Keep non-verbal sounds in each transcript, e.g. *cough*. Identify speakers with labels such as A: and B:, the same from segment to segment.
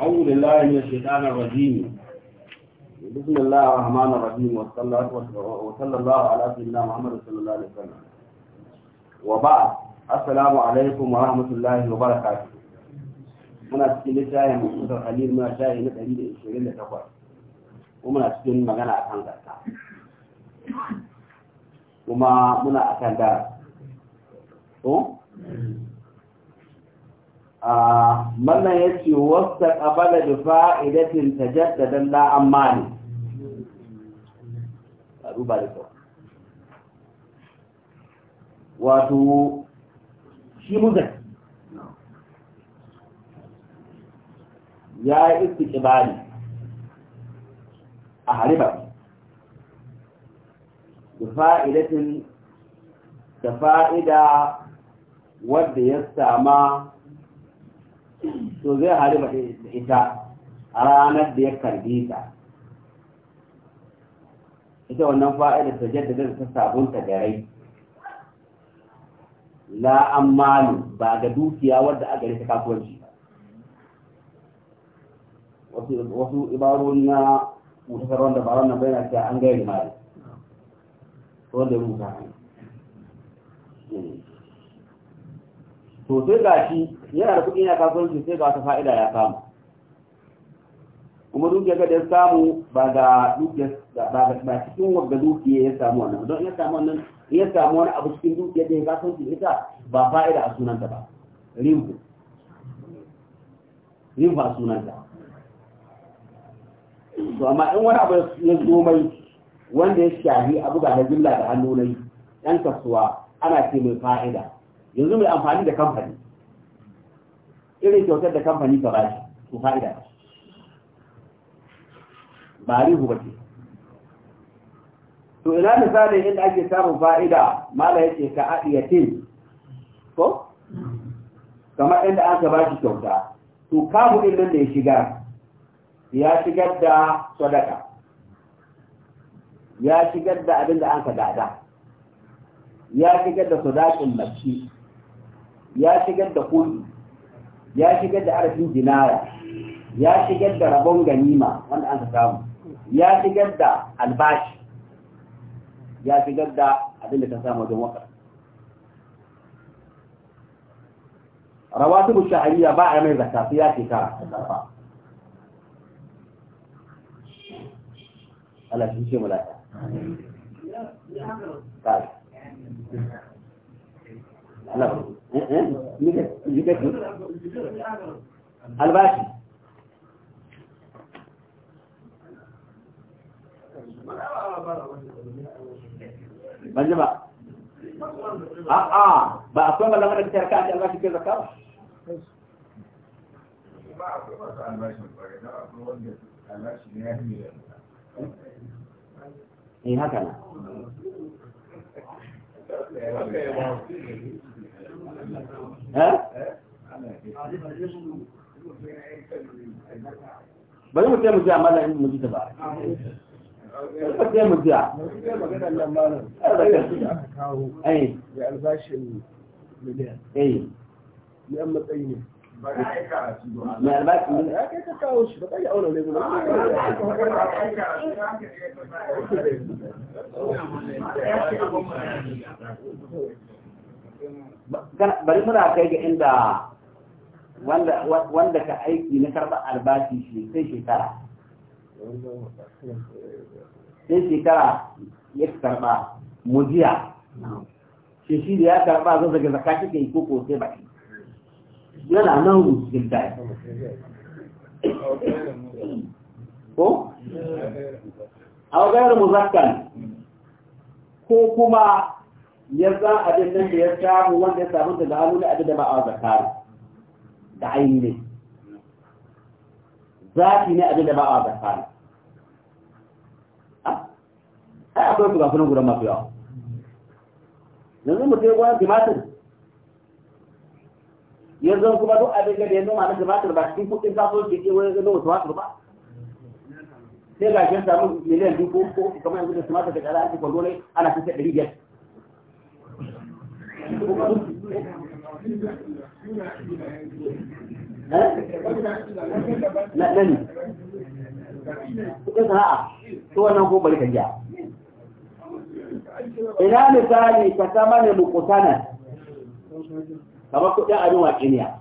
A: أعوذ الله من الشيطان الرجيم بسم الله الرحمن الرحيم وصلى الله على سيدنا محمد صلى الله عليه وسلم وبعد السلام عليكم ورحمة الله وبركاته muna cikin littafin musulun halil muna shayi na 128 kuma muna cikin magana a kan gasa kuma muna a kan dara Mannan ya ce wasu ƙabala da fa'idatin ta jaddadan la'an mani a duba da kyau wato shi muzaki ya yi istikibali a hariba da fa'idatin da fa'ida wadda ya sama to zai hari da ita a ranar da ya karbi ta ita wannan fa'idar ta jaddada ta sabunta da rai la amalu ba ga dukiya wadda aka rika kasuwanci wasu wasu ibarori na mutasar wanda ba wannan bayan ta an gairi mali wanda da rubuta eh. to sai ga shi yana da kuɗi na kasuwanci sai ga wata fa'ida ya samu kuma dukiyar da ya samu ba ga dukiya ba cikin wadda dukiya ya samu wannan don ya samu wannan ya samu wani abu cikin dukiya da ya kasuwanci ita ba fa'ida a sunanta ba rinfu rinfu a sunanta to amma in wani abu ya zo mai wanda ya shahi abu ga da jimla da hannu na yi ɗan kasuwa ana ce mai fa'ida yanzu mai amfani da kamfani irin kyautar da kamfani ta ba shi su fa'ida ba rihu ba ce to ina misalin inda ake samun fa'ida mala yake ka adiyatin ko kamar inda ka ba shi kyauta to kabu din nan da ya shiga ya shigar da sadaka ya shigar da abin da an ka dada ya shigar da sadakin mafi ya shigar da kuɗi ya shigar da arafin jinaya ya shigar da rabon ganima wanda an samu ya shigar da albashi ya shigar da abin da ta samu wajen wakar rawatibu sha'ariya ba a mai zakka ya shekara Allah shi ce mulaka Allah albashi ban ji ba a'a ba lamar da tarka a albashi ke zakka Eh? bari mu mu ji ba eh. ya eh. ne *laughs* bari muna kai ga inda wanda ka aiki na karba albashi shi sai shekara sai shekara ya karba mujiya shi shi da ya karba zan zaga zaka kike yi koko sai baki yana nan rufin da ko a wajen muzakkan ko kuma ya za abin nan da ya samu wanda ya samu da hannu da abin da ba a zakari da aini ne zaki ne abin da ba a zakari ah, a akwai su gasunan gudan masu yawa yanzu mutum ya goyon timatir yanzu kuma duk abin da ya noma na timatir ba cikin kudin kasuwanci ke wani gano wasu ba sai ga shi samu miliyan dubu ko kamar yanzu da timatir da kara ake kwallo ne ana kusa ɗari biyar na ɗani kuɗin sana'a to wannan ko bari ka ina misali ka sama ne mukutanan kamar kuɗin abin waƙiniya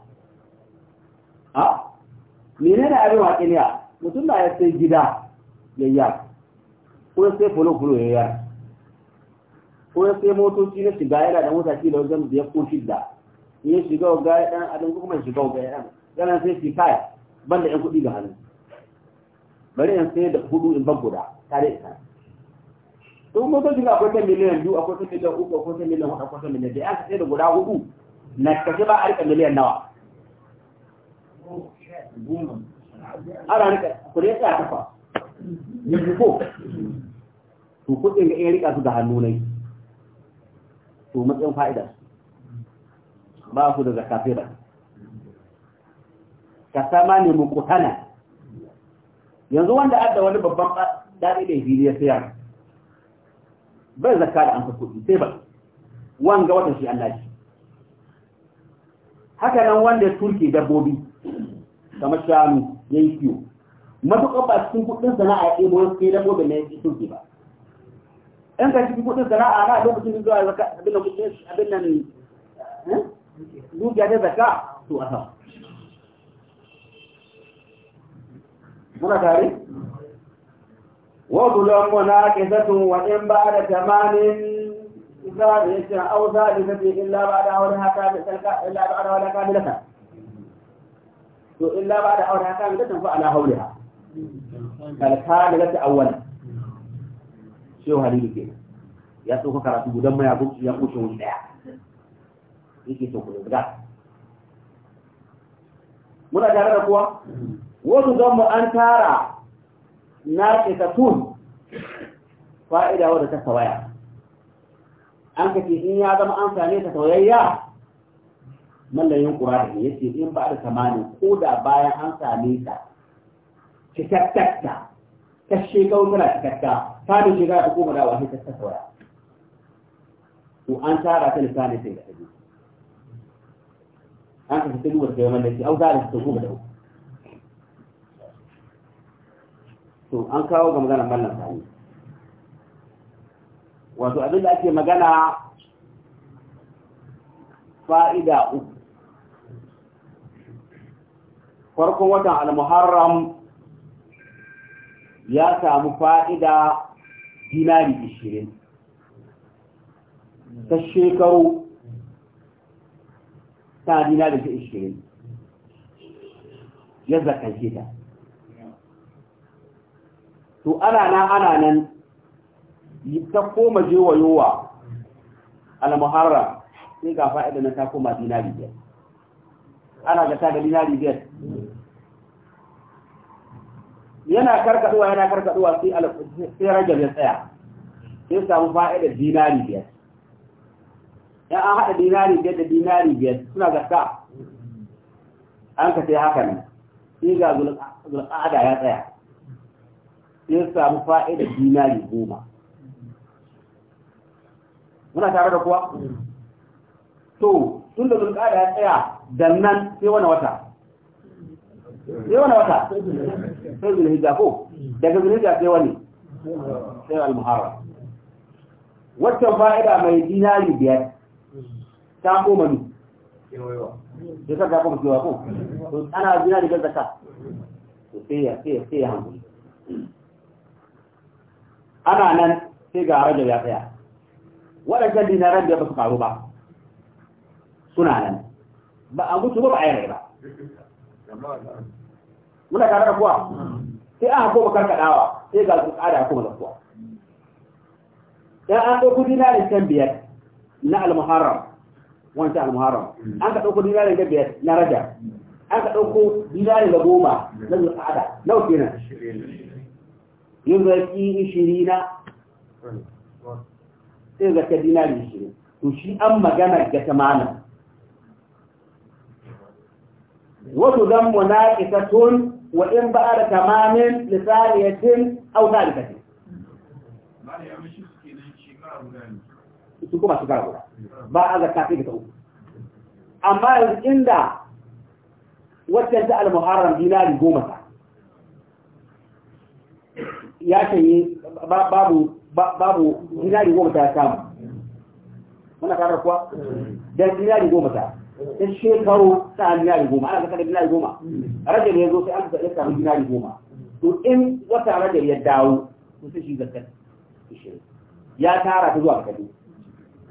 A: ha mene ne abin waƙiniya mutum na ya sai gida yayyar ko sai fulo-fulo yayyar ko ya sai motoci na shiga yana da mota da wajen ya ko shida in ya shiga wa gaya ɗan adam ko kuma shiga wa gaya ɗan yana sai shi kai ban da ƴan kuɗi ga hannu bari in sai da hudu in ban guda tare ita to motoci ga akwai ta miliyan biyu akwai ta miliyan uku akwai ta miliyan hudu akwai ta miliyan da ya sai da guda hudu na kashe ba a rika miliyan nawa ana rika kuɗi ya tsaya kafa ya ko to kuɗin ga iya rika su da hannu na yi to matsayin fa'ida ba su da ba, ka sama ne mu kutana yanzu wanda adda wani babban daɗi da yi ya siya bai zaka da ka kudi sai ba wanga wata shi Allah shi haka nan wanda ya turke dabbobi kamar shanu ya yi kiyo matuƙa ba cikin kudin sana'a ya ɗebo ya kai dabbobin na ya turke ba أنت تبي تقول الزراعة لا لو بتجي تقول الزكاة قبلنا بتجي قبلنا من لو جاء الزكاة تو أثا ماذا تاري؟ وظلم ناكسة وإن بعد ثمان ثالثة أو ثالثة إلا بعد أولها كاملة إلا بعد أولها كاملة إلا بعد أولها كاملة فعلى هولها الكاملة أ shehu halilu ke ya tsoka karatu gudan mai abu ya kushe wani daya yake so ku muna tare da kuwa wasu zan mu an tara na tun fa'ida wadda ta tawaya an kace in ya zama an same ta sauyayya mallayin ƙura da ya ce in ba da samanin ko da bayan an same ta cikaktakta ta shekau tana cikakka ta da shiga ta koma dawa sai ta saura to an tara ta lissanin sai da ta an ka fita duwar kai wanda ke au da ta goma da uku to an kawo ga magana mallan sani wato abin da ake magana fa'ida uku farkon watan al-muharram ya samu fa'ida dinari ishirin ta shekaru ta dinari ta ishirin ya zakance ta to ana nan ana nan ta koma je wa yowa al muharra sai ga fa'ida na ta koma dinari biyar ana ga ta ga dinari biyar yana karkaduwa yana karkaduwa sai alaf sai rajab ya tsaya sai samu fa'idar dinari biyar ya an haɗa dinari biyar da dinari biyar suna zakka an ka sai haka ne sai ga zulƙada ya tsaya sai samu fa'idar dinari goma muna tare da kuwa to tun da zulƙada ya tsaya dan nan sai wani wata sai wani wata sai zulhijja ko daga zulhijja sai wani sai al-muharram waccan fa'ida mai dinari biyar ta koma ni ya sa ta koma kewa ko to ana dinari biyar zaka to sai ya sai ya sai ya hankali ana nan sai ga rajab ya tsaya waɗancan dinaran biyar ba su karu ba suna nan ba a mutu ba ba a yi rai ba muna tare da kuwa sai aka koma karkadawa sai ga su tsada kuma da kuwa dan an dauko dinarin kan biyar na al-muharram wancan al-muharram an ka dauko dinarin kan biyar na raja an ka dauko dinarin da goma na zulqa'ada nawa kenan yin zaki 20 sai zaka dinarin 20 to shi an magana ga tamanin wato dan munaqitatun wa in ba da tamamin lisaniyatin au zalikatin su kuma shekara guda ba a zakka sai ta uku amma yanzu inda wacce ta al-muharram dinari goma ta ya shanye babu babu dinari goma ta samu muna karar kuwa dan dinari goma ta da shekaru ta dinari goma ana zaka da dinari goma rajab ya zo sai an zaɓe samu dinari goma to in wata rajab ya dawo to sai shi zakka ya tara ta zuwa kadi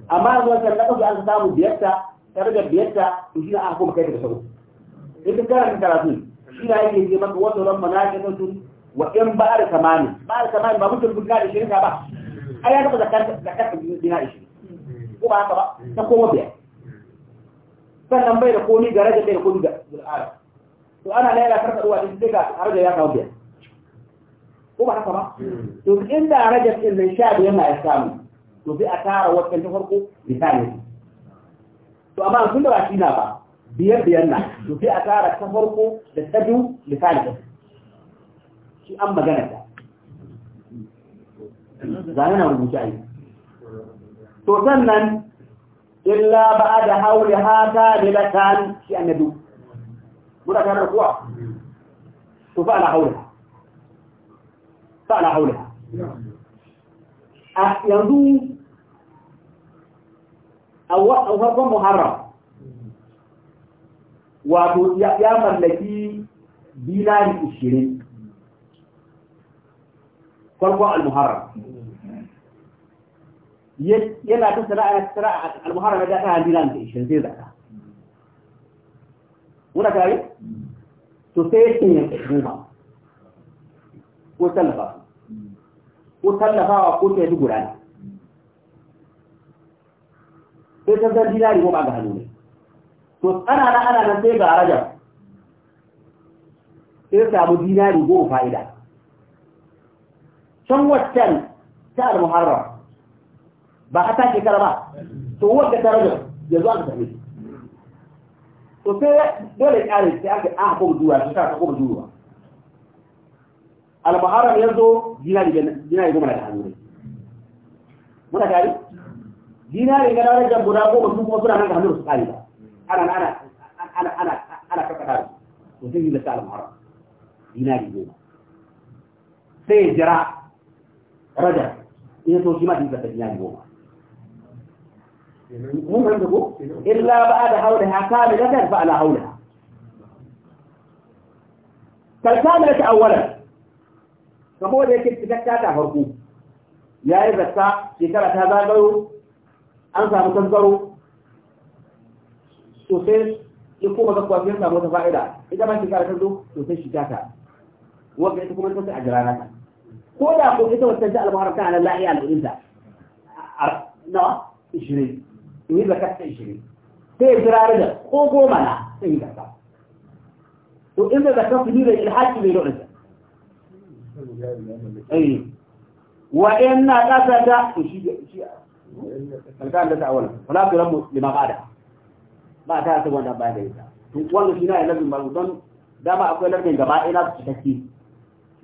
A: amma yanzu wata da kasu an samu biyarta ta rage biyarta to shi na aka kuma kai da sauran in ka karanta karatu shi na yake je maka wata ran manajatun wa in ba da kamani ba da kamani ba mutum guda da shirka ba ai ya taɓa zakar zakar dinari shi ko ba haka ba ta kowa biyar sannan bai da komi ga raja bai da komi ga zul'ara to ana na yana karɓar ruwa ɗin duka har da ya kawo biyar. ko ba haka ba to inda rage ɗin nan sha biyar na ya samu to sai a tara wancan ta farko misali to amma sun da ba shi na ba biyar biyar na to sai a tara ta farko da ta biyu misali shi an magana ta zane na rubuta yi to sannan إلا بعد هول هذا لبتان شأندو مرة كان ركوع وفعل هولها فعل هولها أحيانو أه، أو وقت وفضل محرم وابو يأيام التي بلا لأشيرين فالقوع المحرم يلا تسرع تسرع المحرم إذا كان ديلان تيشن تيزا هنا كاي تسيتين يتخدمها وتلفا وتلفا وقوتي تقران إذا كان ديلان يقوم بعد هدوني أنا أنا أنا أنا سيبا رجع إذا أبو ديلان يقوم فائدة شموة تن تعال محرم ba a ta shekara ba to wanda darajar yanzu aka same shi to sai dole ƙare sai aka aka kuma juwa shi ta kuma juwa al-muharram yanzu dinari dinari goma da hannu ne muna gari dinari ga darajar guda goma su kuma suna nan da hannu su kare ba ana ana ana ana ana kakkata su to sai da al-muharram dinari goma sai jira rajar ina to shi ma dinka da dinari goma مو عنده إلا بعد هولها كاملة فعلى هولها فالكاملة أولا فهو ذلك التذكات هربو يا إذا تا كثرة هذا الغيو أنسى متنظروا تسير يقوم بقوة فيها متفائلة إذا ما تكارة تنظروا تسير شكاكا وقعتكم أنتم أجرانك قولا قلتوا استجاء المهربة على الله يعني الإنسان نوع in yi zakat sai shirin sai ya jira da ko goma na sai yi zakat to inda da su nuna ilhaki mai dole eh wa in na kasa da to shi shi alkan da wala ku rabu lima qada ba ta ta wanda ba da ita to wannan shi na ya lazim ba don dama akwai lardin gaba ina na su cikakke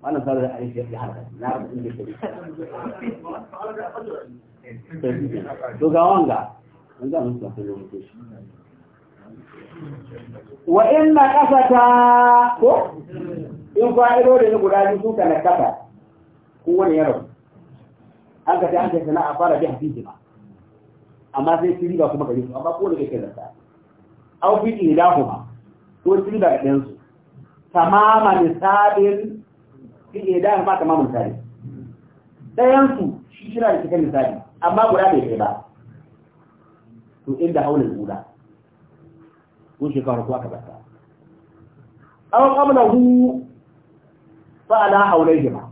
A: wannan sarar a rikin ya harkar na harkar inda ke to ga wanga wa inna kasata ko in fa'ido da ni guda biyu suka na kasa ko wani yaro an ka ta an kai sana'a fara bi hafi ba amma sai su riba kuma gari su amma ko da kai zanta au bi ila kuma ko su riba ɗayan su tamaman sabin fi ila ma tamaman sabin ɗayan su shi shi na da cikin misali amma guda bai kai ba to inda haulin gula ko shekara ko aka bata aw qablahu fa ala haulihima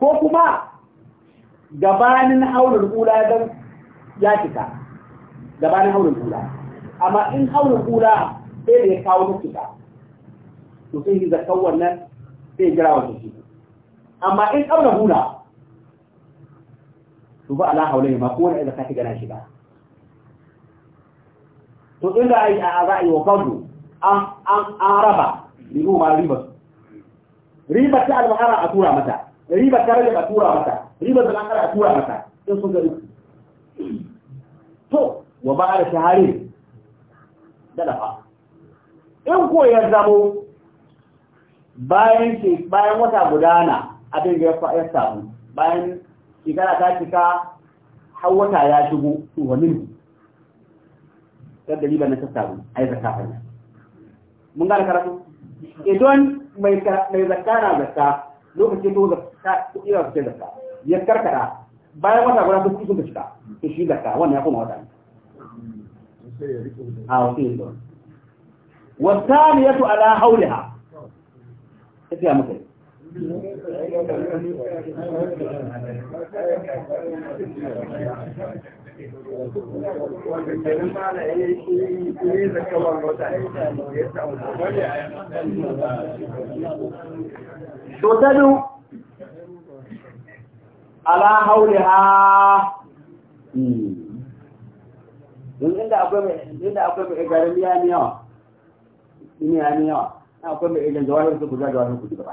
A: ko kuma gabanin haulin guda dan ya cika gabanin haulin guda amma in haulin guda sai da ya kawo ta cika to sai da kawon nan sai jira wa shi amma in qablahu guda to ba ala haulihima ko wanda ka shiga na shiga to inda ai a za a wa fadu an raba limu ma riba riba ta almahara a tura mata riba ta rage a tura mata riba ta almahara a tura mata in sun gari to wa ba da shahari da dafa in ko ya zamo bayan bayan wata gudana abin da ya samu bayan shekara ta cika har wata ya shigo tuwanin yadda riba na ta a yi zakka fanna mun gane karatu idan mai zakka na zakka lokacin da zakka kuɗi za su ce zakka ya karkara bayan wata guda duk sun cika to shi zakka wannan ya koma wata a wasu yin don wasani yato ala hauliha ta fiya muka yi Thank you. تدل على حولها ala inda ha. inda akwai mai garin biya ne yawa ne ne yawa akwai mai idan jawahir su kuza jawahir ku gaba